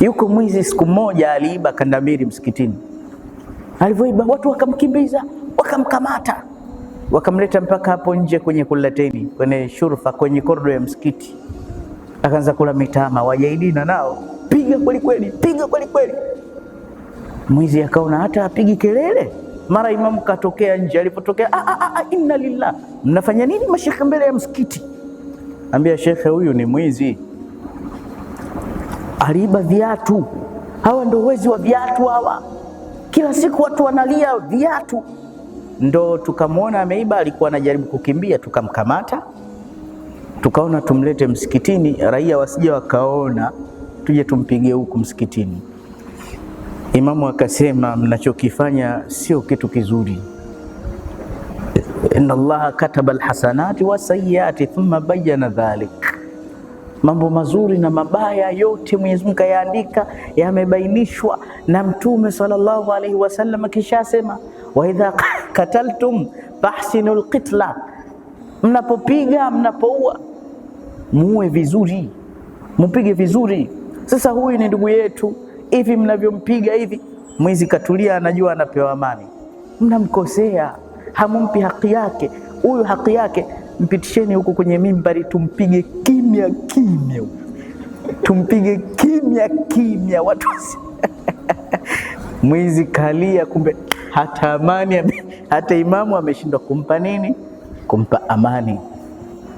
Yuko mwizi siku moja aliiba kandamiri msikitini. Alivyoiba watu wakamkimbiza, wakamkamata, wakamleta mpaka hapo nje kwenye kulateni, kwenye shurfa, kwenye kordo ya msikiti. Akaanza kula mitama, wajaidina nao piga kweli kweli, piga kweli kweli. Mwizi akaona hata apigi kelele. Mara imamu katokea nje, alipotokea ah, ah, ah, inna lillah, mnafanya nini mashekhe mbele ya msikiti? Ambia shekhe, huyu ni mwizi aliiba viatu. Hawa ndo wezi wa viatu hawa, kila siku watu wanalia viatu. Ndo tukamwona ameiba, alikuwa anajaribu kukimbia, tukamkamata, tukaona tumlete msikitini, raia wasije wakaona, tuje tumpige huku msikitini. Imamu akasema mnachokifanya sio kitu kizuri, inna Allaha kataba alhasanati wasayiati thumma bayana dhalik Mambo mazuri na mabaya yote Mwenyezi Mungu kayaandika, yamebainishwa na Mtume sallallahu alaihi wasallam. Kisha asema wa idha kataltum fahsinul qitla, mnapopiga mnapoua muue vizuri, mpige vizuri. Sasa huyu ni ndugu yetu, hivi mnavyompiga hivi, mwizi katulia, anajua anapewa amani, mnamkosea, hamumpi haki yake, huyu haki yake mpitisheni huko kwenye mimbari, tumpige kimya kimya, tumpige kimya kimya, watu mwizi kalia, kumbe hata amani hata imamu ameshindwa kumpa nini, kumpa amani.